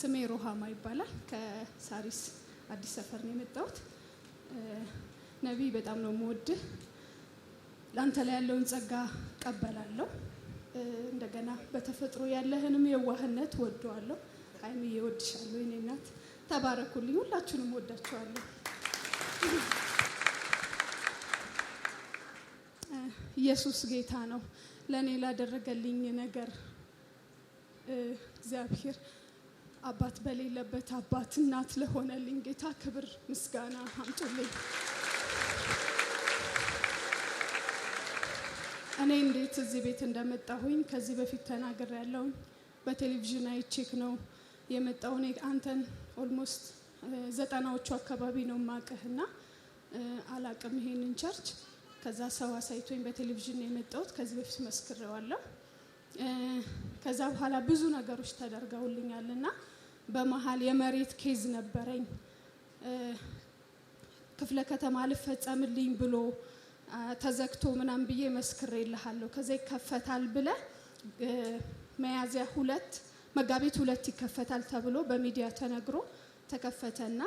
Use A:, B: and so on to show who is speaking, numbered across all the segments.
A: ስሜ ሮሃማ ይባላል። ከሳሪስ አዲስ ሰፈር ነው የመጣሁት። ነቢይ በጣም ነው የምወድህ። ለአንተ ላይ ያለውን ጸጋ ቀበላለሁ። እንደገና በተፈጥሮ ያለህንም የዋህነት ወደዋለሁ። ሀይሚዬ እወድሻለሁ፣ የእኔ እናት። ተባረኩልኝ። ሁላችሁንም ወዳችኋለሁ። ኢየሱስ ጌታ ነው። ለእኔ ላደረገልኝ ነገር እግዚአብሔር አባት በሌለበት አባት እናት ለሆነልኝ ጌታ ክብር ምስጋና አምጡልኝ። እኔ እንዴት እዚህ ቤት እንደመጣሁኝ ከዚህ በፊት ተናገር ያለውን በቴሌቪዥን አይቼክ ነው የመጣው። እኔ አንተን ኦልሞስት ዘጠናዎቹ አካባቢ ነው ማቅህ እና አላቅም ይሄንን ቸርች። ከዛ ሰው አሳይቶኝ በቴሌቪዥን የመጣሁት ከዚህ በፊት መስክሬዋለሁ። ከዛ በኋላ ብዙ ነገሮች ተደርገውልኛል እና በመሀል የመሬት ኬዝ ነበረኝ። ክፍለ ከተማ ልፈጸምልኝ ብሎ ተዘግቶ ምናምን ብዬ መስክር የልሃለሁ ከዛ ይከፈታል ብለ መያዝያ ሁለት መጋቢት ሁለት ይከፈታል ተብሎ በሚዲያ ተነግሮ ተከፈተና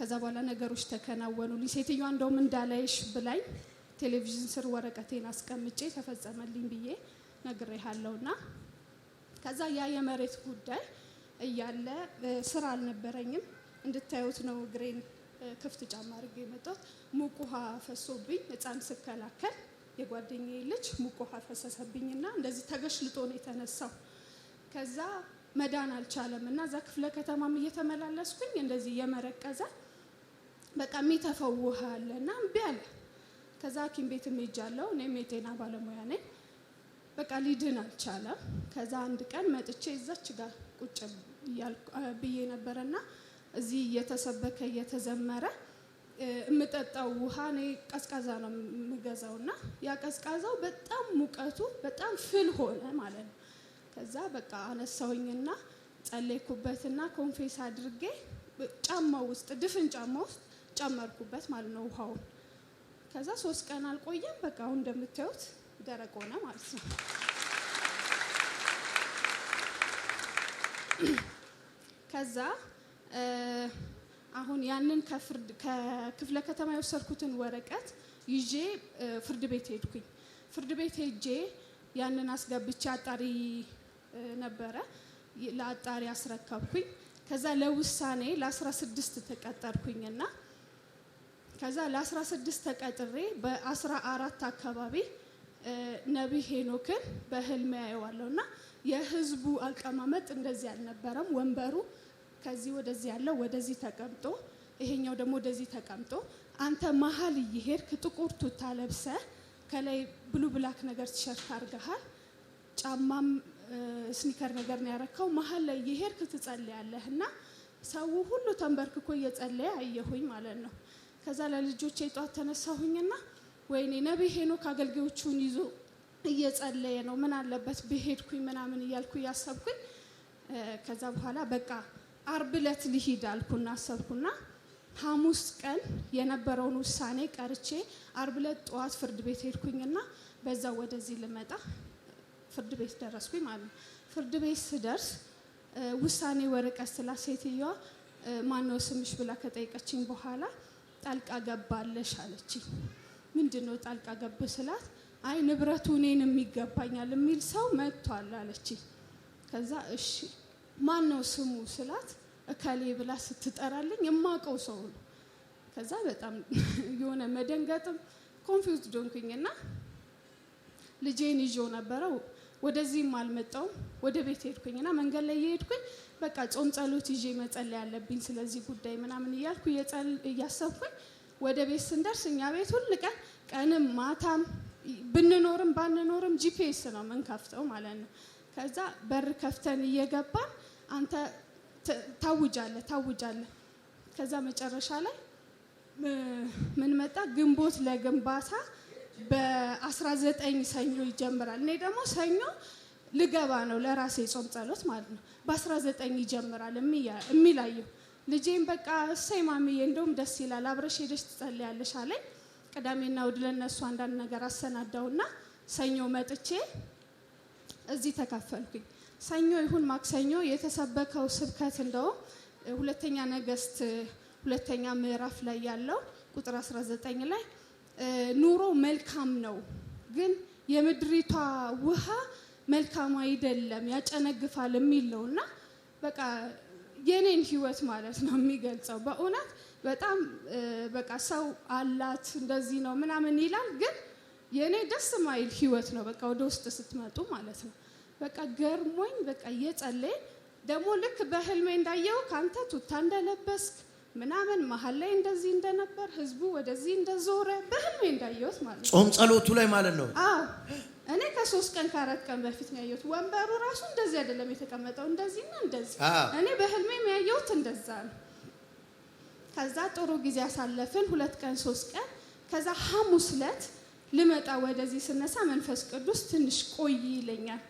A: ከዛ በኋላ ነገሮች ተከናወኑልኝ። ሴትዮዋ እንደውም እንዳላይሽ ብላኝ ቴሌቪዥን ስር ወረቀቴን አስቀምጬ ተፈጸመልኝ ብዬ ነግሬሃለሁና ከዛ ያ የመሬት ጉዳይ እያለ ስራ አልነበረኝም። እንድታዩት ነው እግሬን ክፍት ጫማ አድርጌ የመጣሁት። ሙቅ ውሃ ፈሶብኝ ህፃን ስከላከል የጓደኛዬ ልጅ ሙቅ ውሃ ፈሰሰብኝና እንደዚህ ተገሽልጦ ነው የተነሳው። ከዛ መዳን አልቻለም እና እዛ ክፍለ ከተማም እየተመላለስኩኝ እንደዚህ እየመረቀዘ በቃ የሚተፈው ውሃ አለ እና እምቢ አለ። ከዛ ሐኪም ቤትም ሄጃለሁ። እኔም የጤና ባለሙያ ነኝ። በቃ ሊድን አልቻለም። ከዛ አንድ ቀን መጥቼ እዛች ጋር ቁጭ ብዬ ነበረና እዚህ እየተሰበከ እየተዘመረ የምጠጣው ውሃ እኔ ቀዝቃዛ ነው የምገዛው እና ያ ቀዝቃዛው በጣም ሙቀቱ በጣም ፍል ሆነ ማለት ነው። ከዛ በቃ አነሳውኝና ጸለይኩበትና ኮንፌስ አድርጌ ጫማው ውስጥ ድፍን ጫማ ውስጥ ጨመርኩበት ማለት ነው ውሃውን። ከዛ ሶስት ቀን አልቆየም። በቃ አሁን እንደምታዩት ደረቅ ሆነ ማለት ነው። ከዛ አሁን ያንን ከክፍለ ከተማ የወሰድኩትን ወረቀት ይዤ ፍርድ ቤት ሄድኩኝ። ፍርድ ቤት ሄጄ ያንን አስገብቼ አጣሪ ነበረ ለአጣሪ አስረከብኩኝ። ከዛ ለውሳኔ ለ16 እና ከዛ ለ16 ተቀጥሬ በ14 አካባቢ ነቢይ ሄኖክን በህልም ያየዋለሁ እና የህዝቡ አቀማመጥ እንደዚህ አልነበረም። ወንበሩ ከዚህ ወደዚህ ያለው ወደዚህ ተቀምጦ፣ ይሄኛው ደግሞ ወደዚህ ተቀምጦ፣ አንተ መሀል እየሄድክ ጥቁር ቱታ ለብሰ ከላይ ብሉ ብላክ ነገር ቲሸርት አርገሃል፣ ጫማም ስኒከር ነገር ነው ያረካው። መሀል ላይ እየሄድክ ትጸልያለህ እና ሰው ሁሉ ተንበርክኮ እየጸለየ አየሁኝ ማለት ነው። ከዛ ለልጆቼ ጠዋት ተነሳሁኝና ወይኔ ነቢይ ሄኖክ አገልጋዮቹን ይዞ እየጸለየ ነው፣ ምን አለበት ብሄድኩኝ ምናምን እያልኩ እያሰብኩኝ ከዛ በኋላ በቃ አርብ ዕለት ልሂድ አልኩና አሰብኩና ሐሙስ ቀን የነበረውን ውሳኔ ቀርቼ አርብ ዕለት ጠዋት ፍርድ ቤት ሄድኩኝና በዛው ወደዚህ ልመጣ ፍርድ ቤት ደረስኩኝ ማለት ነው። ፍርድ ቤት ስደርስ ውሳኔ ወረቀት ስላ ሴትዮዋ ማነው ስምሽ ብላ ከጠየቀችኝ በኋላ ጣልቃ ገባለሽ አለችኝ። ምንድን ነው ጣልቃ ገብ ስላት አይ ንብረቱ እኔንም ይገባኛል የሚል ሰው መጥቷል አለች። ከዛ እሺ ማን ነው ስሙ ስላት እከሌ ብላ ስትጠራልኝ የማውቀው ሰው ነው። ከዛ በጣም የሆነ መደንገጥም ኮንፊውዝ ዶንኩኝና ልጄን ይዤው ነበረ። ወደዚህም አልመጣውም። ወደ ቤት ሄድኩኝና መንገድ ላይ እየሄድኩኝ በቃ ጾም ጸሎት ይዤ መጸለይ ያለብኝ ስለዚህ ጉዳይ ምናምን እያልኩ እያሰብኩኝ ወደ ቤት ስንደርስ እኛ ቤት ሁል ቀን ቀንም ማታም ብንኖርም ባንኖርም ጂፒኤስ ነው የምንከፍተው ማለት ነው። ከዛ በር ከፍተን እየገባን አንተ ታውጃለ ታውጃለ። ከዛ መጨረሻ ላይ ምን መጣ? ግንቦት ለግንባታ በ19 ሰኞ ይጀምራል። እኔ ደግሞ ሰኞ ልገባ ነው ለራሴ ጾም ጸሎት ማለት ነው። በ19 ይጀምራል የሚላየው ልጄም በቃ እሰይ ማምዬ እንደውም ደስ ይላል አብረሽ ሄደሽ ትጸልያለሽ አለኝ። ቅዳሜና እሑድ ለእነሱ አንዳንድ ነገር አሰናዳውና ሰኞ መጥቼ እዚህ ተካፈልኩኝ። ሰኞ ይሁን ማክሰኞ የተሰበከው ስብከት እንደውም ሁለተኛ ነገስት ሁለተኛ ምዕራፍ ላይ ያለው ቁጥር 19 ላይ ኑሮ መልካም ነው፣ ግን የምድሪቷ ውሃ መልካም አይደለም ያጨነግፋል የሚል ነው እና በቃ የኔን ህይወት ማለት ነው የሚገልጸው። በእውነት በጣም በቃ ሰው አላት እንደዚህ ነው ምናምን ይላል፣ ግን የእኔ ደስ ማይል ህይወት ነው በቃ ወደ ውስጥ ስትመጡ ማለት ነው። በቃ ገርሞኝ በቃ እየጸለይ ደግሞ ልክ በህልሜ እንዳየው ከአንተ ቱታ እንደለበስክ ምናምን መሀል ላይ እንደዚህ እንደነበር ህዝቡ ወደዚህ እንደዞረ በህልሜ እንዳየሁት ማለት ነው።
B: ጾም ጸሎቱ ላይ ማለት ነው።
A: እኔ ከሶስት ቀን ከአራት ቀን በፊት ነው ያየሁት። ወንበሩ ራሱ እንደዚህ አይደለም የተቀመጠው፣ እንደዚህና እንደዚህ። እኔ በህልሜ ያየሁት እንደዛ ነው። ከዛ ጥሩ ጊዜ አሳለፍን፣ ሁለት ቀን ሶስት ቀን። ከዛ ሐሙስ ዕለት ልመጣ ወደዚህ ስነሳ መንፈስ ቅዱስ ትንሽ ቆይ ይለኛል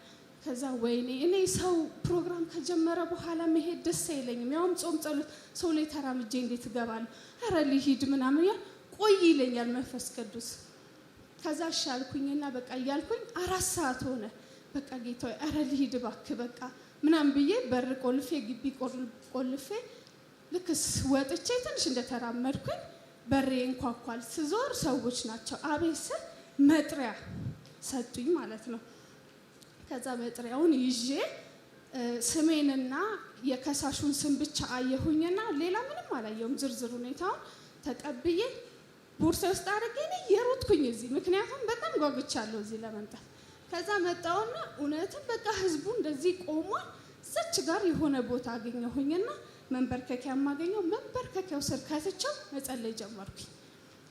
A: ከዛ ወይኔ እኔ ሰው ፕሮግራም ከጀመረ በኋላ መሄድ ደስ አይለኝም። ያውም ጾም ጸሎት ሰው ላይ ተራምጄ እንዴት እገባለሁ? ኧረ ልሂድ ምናምን ያል ቆይ ይለኛል መንፈስ ቅዱስ። ከዛ እሺ አልኩኝና በቃ እያልኩኝ አራት ሰዓት ሆነ። በቃ ጌታ ኧረ ልሂድ እባክህ በቃ ምናምን ብዬ በር ቆልፌ ግቢ ቆልፌ ልክ ወጥቼ ትንሽ እንደተራመድኩኝ በሬ እንኳኳል። ስዞር ሰዎች ናቸው። አቤት ስል መጥሪያ ሰጡኝ ማለት ነው። ከዛ መጥሪያውን ይዤ ስሜንና የከሳሹን ስም ብቻ አየሁኝና ሌላ ምንም አላየውም። ዝርዝር ሁኔታውን ተቀብዬ ቦርሳ ውስጥ አድርጌ እኔ የሮጥኩኝ እዚህ፣ ምክንያቱም በጣም ጓጉቻለሁ እዚህ ለመምጣት። ከዛ መጣውና እውነትም በቃ ህዝቡ እንደዚህ ቆሟል። እዛች ጋር የሆነ ቦታ አገኘሁኝና መንበርከኪያ የማገኘው መንበርከኪያው ስር ከትቸው መጸለይ ጀመርኩኝ።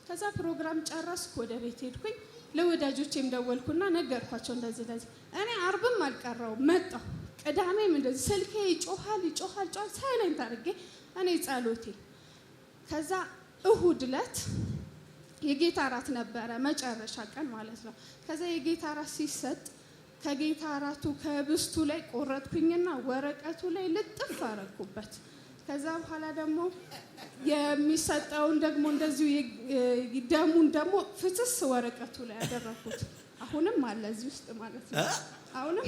A: ከዛ ፕሮግራም ጨረስኩ፣ ወደ ቤት ሄድኩኝ። ለወዳጆቼም ደወልኩና ነገርኳቸው እንደዚህ ለዚህ እኔ አርብም አልቀረው መጣሁ። ቅዳሜም እንደዚህ ስልኬ ይጮሃል ይጮሃል ጮ ሳይለንት አድርጌ እኔ ጸሎቴ። ከዛ እሁድ ዕለት የጌታ እራት ነበረ መጨረሻ ቀን ማለት ነው። ከዛ የጌታ እራት ሲሰጥ ከጌታ እራቱ ከብስቱ ላይ ቆረጥኩኝና ወረቀቱ ላይ ልጥፍ አረኩበት። ከዛ በኋላ ደግሞ የሚሰጠውን ደግሞ እንደዚሁ ደሙን ደግሞ ፍትስ ወረቀቱ ላይ ያደረኩት አሁንም አለ እዚህ ውስጥ ማለት ነው። አሁንም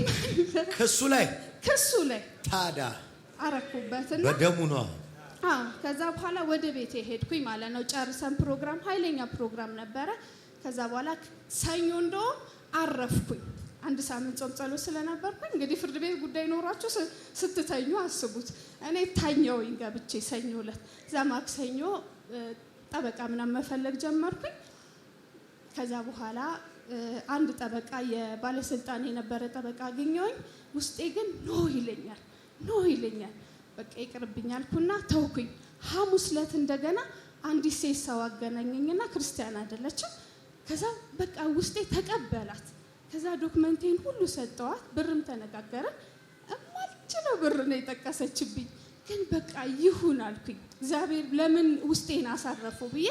A: ከሱ ላይ ከሱ ላይ ታዲያ አረኩበትና በደሙ ነው። ከዛ በኋላ ወደ ቤት ሄድኩኝ ማለት ነው። ጨርሰን ፕሮግራም፣ ኃይለኛ ፕሮግራም ነበረ። ከዛ በኋላ ሰኞ እንደውም አረፍኩኝ። አንድ ሳምንት ጾም ጸሎት ስለነበርኩኝ እንግዲህ ፍርድ ቤት ጉዳይ ኖሯችሁ ስትተኙ አስቡት። እኔ ታኛውኝ ገብቼ ሰኞ ዕለት እዛ ማክሰኞ ጠበቃ ምናምን መፈለግ ጀመርኩኝ። ከዛ በኋላ አንድ ጠበቃ የባለስልጣን የነበረ ጠበቃ አገኘውኝ። ውስጤ ግን ኖ ይለኛል፣ ኖ ይለኛል። በቃ ይቅርብኝ አልኩና ተውኩኝ። ሐሙስ ዕለት እንደገና አንዲት ሴት ሰው አገናኘኝና ክርስቲያን አይደለችም። ከዛ በቃ ውስጤ ተቀበላት። ከዛ ዶክመንቴን ሁሉ ሰጠዋት፣ ብርም ተነጋገረ። እማልችለው ብር ነው የጠቀሰችብኝ። ግን በቃ ይሁን አልኩኝ። እግዚአብሔር ለምን ውስጤን አሳረፈው ብዬ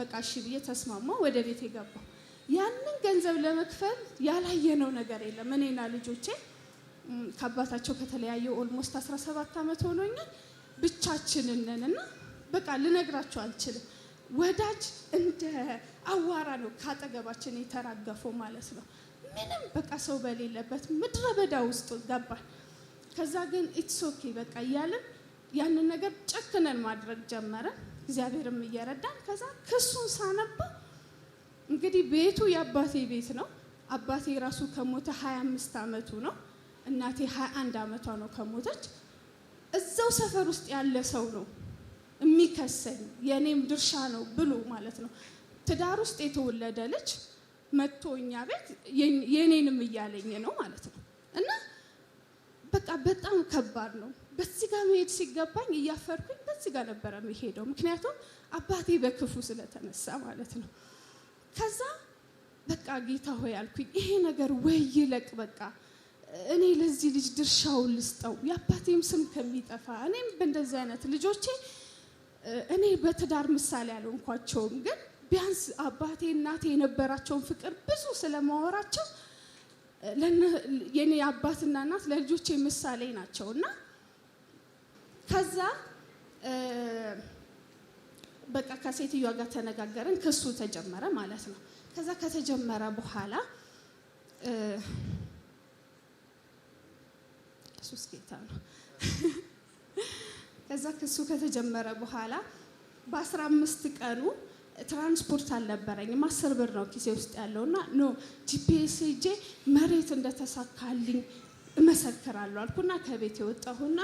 A: በቃ እሺ ብዬ ተስማማ፣ ወደ ቤት የገባው ያንን ገንዘብ ለመክፈል ያላየነው ነገር የለም። እኔና ልጆቼ ከአባታቸው ከተለያየ ኦልሞስት 17 ዓመት ሆኖኛል። ብቻችንን ነን እና በቃ ልነግራቸው አልችልም። ወዳጅ እንደ አዋራ ነው ካጠገባችን የተራገፈው ማለት ነው። ምንም በቃ ሰው በሌለበት ምድረ በዳ ውስጥ ገባል ከዛ ግን ኢትስ ኦኬ በቃ እያልን ያንን ነገር ጨክነን ማድረግ ጀመረን። እግዚአብሔርም እየረዳን ከዛ ክሱን ሳነበው እንግዲህ ቤቱ የአባቴ ቤት ነው። አባቴ ራሱ ከሞተ 25 አመቱ ነው። እናቴ 21 አመቷ ነው ከሞተች። እዛው ሰፈር ውስጥ ያለ ሰው ነው የሚከሰኝ የእኔም ድርሻ ነው ብሎ ማለት ነው። ትዳር ውስጥ የተወለደ ልጅ መጥቶ እኛ ቤት የእኔንም እያለኝ ነው ማለት ነው። እና በቃ በጣም ከባድ ነው። በዚህ ጋር መሄድ ሲገባኝ እያፈርኩኝ በዚህ ጋር ነበረ የሚሄደው፣ ምክንያቱም አባቴ በክፉ ስለተነሳ ማለት ነው። ከዛ በቃ ጌታ ሆይ አልኩኝ፣ ይሄ ነገር ወይ ይለቅ በቃ እኔ ለዚህ ልጅ ድርሻውን ልስጠው፣ የአባቴም ስም ከሚጠፋ እኔም በእንደዚህ አይነት ልጆቼ እኔ በትዳር ምሳሌ አልሆንኳቸውም፣ ግን ቢያንስ አባቴ እናቴ የነበራቸውን ፍቅር ብዙ ስለማወራቸው የኔ አባትና እናት ለልጆቼ ምሳሌ ናቸው እና ከዛ በቃ ከሴትዮዋ ጋር ተነጋገርን። ክሱ ተጀመረ ማለት ነው። ከዛ ከተጀመረ በኋላ ኢየሱስ ጌታ ነው። ከዛ ክሱ ከተጀመረ በኋላ በአስራ አምስት ቀኑ ትራንስፖርት አልነበረኝም። አስር ብር ነው ኪሴ ውስጥ ያለው እና ኖ ጂፒኤስ ሄጄ መሬት እንደተሳካልኝ እመሰክራለሁ አልኩና ከቤት የወጣሁና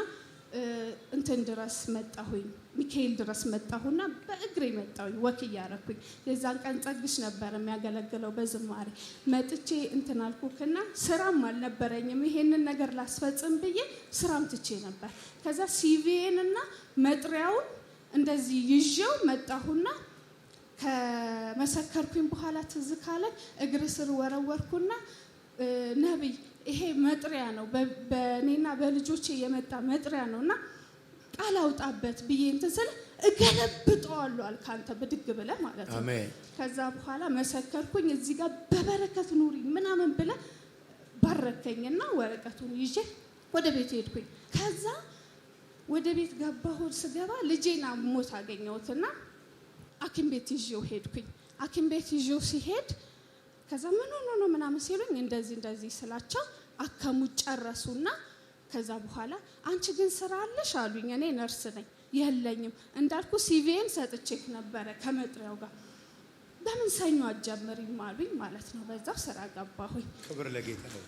A: እንትን ድረስ መጣሁኝ ሚካኤል ድረስ መጣሁና በእግሬ መጣሁኝ ወክ እያረኩኝ። የዛን ቀን ጸግሽ ነበር የሚያገለግለው በዝማሬ መጥቼ እንትን አልኩክና ስራም አልነበረኝም ይሄንን ነገር ላስፈጽም ብዬ ስራም ትቼ ነበር። ከዛ ሲቪዬን እና መጥሪያውን እንደዚህ ይዤው መጣሁና ከመሰከርኩኝ በኋላ ትዝ ካለኝ እግር ስር ወረወርኩና ነብይ ይሄ መጥሪያ ነው፣ በእኔና በልጆቼ የመጣ መጥሪያ ነው እና ቃል አውጣበት ብዬ እንትን ስል እገለብጠዋለሁ አልክ አንተ ብድግ ብለህ ማለት ነው። ከዛ በኋላ መሰከርኩኝ፣ እዚህ ጋር በበረከት ኑሪ ምናምን ብለ ባረከኝና ወረቀቱን ይዤ ወደ ቤት ሄድኩኝ። ከዛ ወደ ቤት ገባሁ። ስገባ ልጄን አሞት አገኘሁትና ሐኪም ቤት ይዤው ሄድኩኝ። ሐኪም ቤት ይዤው ሲሄድ ከዛ ምን ሆኖ ነው ምናምን ሲሉኝ እንደዚህ እንደዚህ ስላቸው አከሙ ጨረሱና ከዛ በኋላ አንቺ ግን ስራ አለሽ አሉኝ። እኔ ነርስ ነኝ። የለኝም እንዳልኩ ሲቪም ሰጥቼ ነበረ ከመጥሪያው ጋር በምን ሰኞ አጀምሪም አሉኝ ማለት ነው። በዛው ስራ ገባሁኝ።
B: ክብር ለጌታ ነው።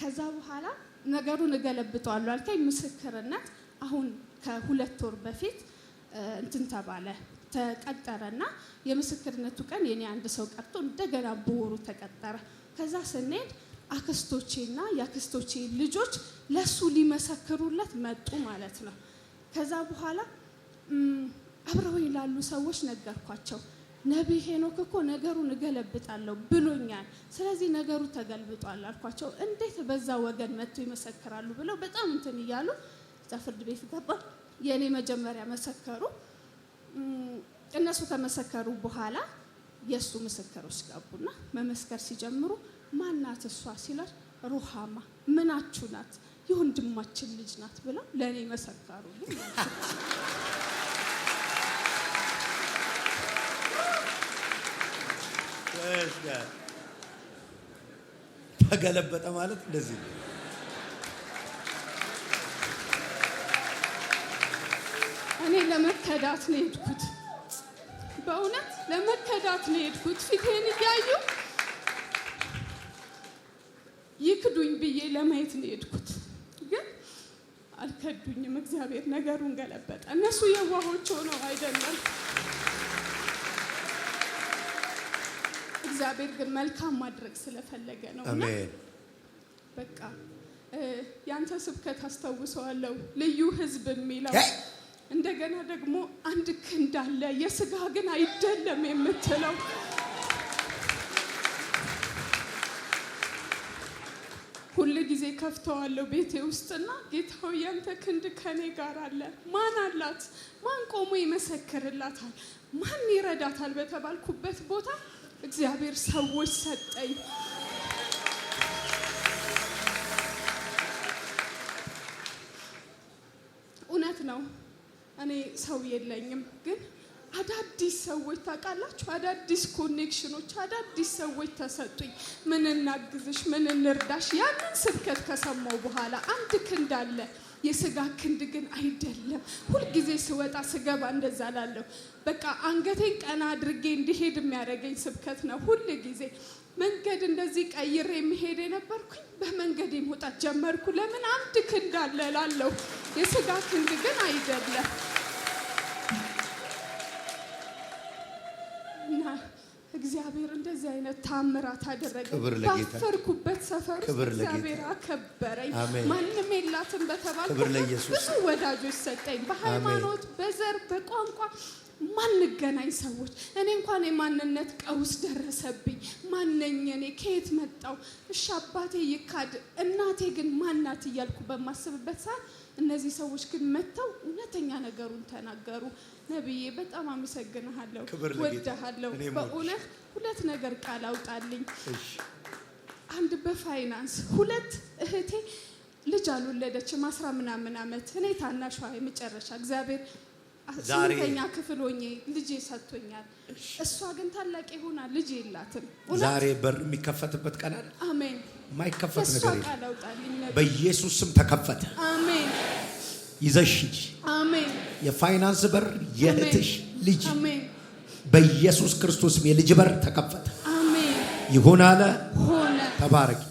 A: ከዛ በኋላ ነገሩን እገለብጠዋለሁ አልከኝ ምስክርነት አሁን ከሁለት ወር በፊት እንትን ተባለ ተቀጠረና የምስክርነቱ ቀን የኔ አንድ ሰው ቀርቶ እንደገና በወሩ ተቀጠረ። ከዛ ስንሄድ አክስቶቼና የአክስቶቼ ልጆች ለሱ ሊመሰክሩለት መጡ ማለት ነው። ከዛ በኋላ አብረውኝ ላሉ ሰዎች ነገርኳቸው። ነቢይ ሄኖክ እኮ ነገሩን እገለብጣለሁ ብሎኛል፣ ስለዚህ ነገሩ ተገልብጧል አልኳቸው። እንዴት በዛ ወገን መጥቶ ይመሰክራሉ ብለው በጣም እንትን እያሉ እዛ ፍርድ ቤት ገባ። የእኔ መጀመሪያ መሰከሩ። እነሱ ከመሰከሩ በኋላ የእሱ ምስክሮች ገቡና መመስከር ሲጀምሩ ማናት እሷ ሲላል ሩሃማ ምናችሁ ናት? የወንድማችን ልጅ ናት ብለው ለእኔ መሰከሩ።
B: ተገለበጠ ማለት እንደዚህ ነው።
A: ለመከዳት ነው የሄድኩት። በእውነት ለመከዳት ነው የሄድኩት። ፊቴን እያዩ ይክዱኝ ብዬ ለማየት ነው የሄድኩት። ግን አልከዱኝም። እግዚአብሔር ነገሩን ገለበጠ። እነሱ የዋሆች ሆነው አይደለም። እግዚአብሔር ግን መልካም ማድረግ ስለፈለገ ነው። አሜን። በቃ ያንተ ስብከት አስታውሰዋለሁ ልዩ ህዝብ የሚለው እንደገና ደግሞ አንድ ክንድ አለ፣ የስጋ ግን አይደለም የምትለው ሁል ጊዜ ከፍተዋለሁ ቤቴ ውስጥና ጌታው ያንተ ክንድ ከኔ ጋር አለ። ማን አላት? ማን ቆሞ ይመሰክርላታል? ማን ይረዳታል? በተባልኩበት ቦታ እግዚአብሔር ሰዎች ሰጠኝ። እኔ ሰው የለኝም፣ ግን አዳዲስ ሰዎች ታውቃላችሁ፣ አዳዲስ ኮኔክሽኖች፣ አዳዲስ ሰዎች ተሰጡኝ። ምን እናግዝሽ፣ ምን እንርዳሽ። ያንን ስብከት ከሰማው በኋላ አንድ ክንድ አለ የስጋ ክንድ ግን አይደለም። ሁልጊዜ ስወጣ ስገባ እንደዛ ላለሁ በቃ አንገቴን ቀና አድርጌ እንዲሄድ የሚያደርገኝ ስብከት ነው። ሁል ጊዜ መንገድ እንደዚህ ቀይሬ የሚሄድ የነበርኩኝ በመንገድ መውጣት ጀመርኩ። ለምን አንድ ክንድ አለ ላለሁ የስጋ ክንድ ግን አይደለም። እግዚአብሔር እንደዚህ አይነት ታምራት አደረገ።
B: ባፈርኩበት ሰፈር እግዚአብሔር
A: አከበረኝ። ማንም የላትም በተባልኩበት ብዙ ወዳጆች ሰጠኝ። በሃይማኖት፣ በዘር፣ በቋንቋ ማንገናኝ ሰዎች እኔ እንኳን የማንነት ቀውስ ደረሰብኝ። ማነኝ እኔ ከየት መጣው? እሺ አባቴ ይካድ እናቴ ግን ማናት እያልኩ በማስብበት ሰዓት እነዚህ ሰዎች ግን መጥተው እውነተኛ ነገሩን ተናገሩ። ነብዬ በጣም አመሰግንሃለሁ፣ ወድሃለሁ። በእውነት ሁለት ነገር ቃል አውጣልኝ። አንድ በፋይናንስ ሁለት እህቴ ልጅ አልወለደችም፣ አስራ ምናምን ዓመት እኔ ታናሿ የመጨረሻ እግዚአብሔር ስንተኛ ክፍል ሆኜ ልጄ ሰጥቶኛል። እሷ ግን ታላቅ ሆና ልጅ የላትም።
B: ዛሬ በር የሚከፈትበት ቀን አለ። አሜን የማይከፈት ነገር
A: የለም።
B: በኢየሱስ ስም ተከፈተ። አሜን። ይዘሽ ሂጂ። አሜን። የፋይናንስ በር የእህትሽ ልጅ በኢየሱስ ክርስቶስም የልጅ በር ተከፈተ። አሜን። ይሁን አለ ሆነ። ተባረክ።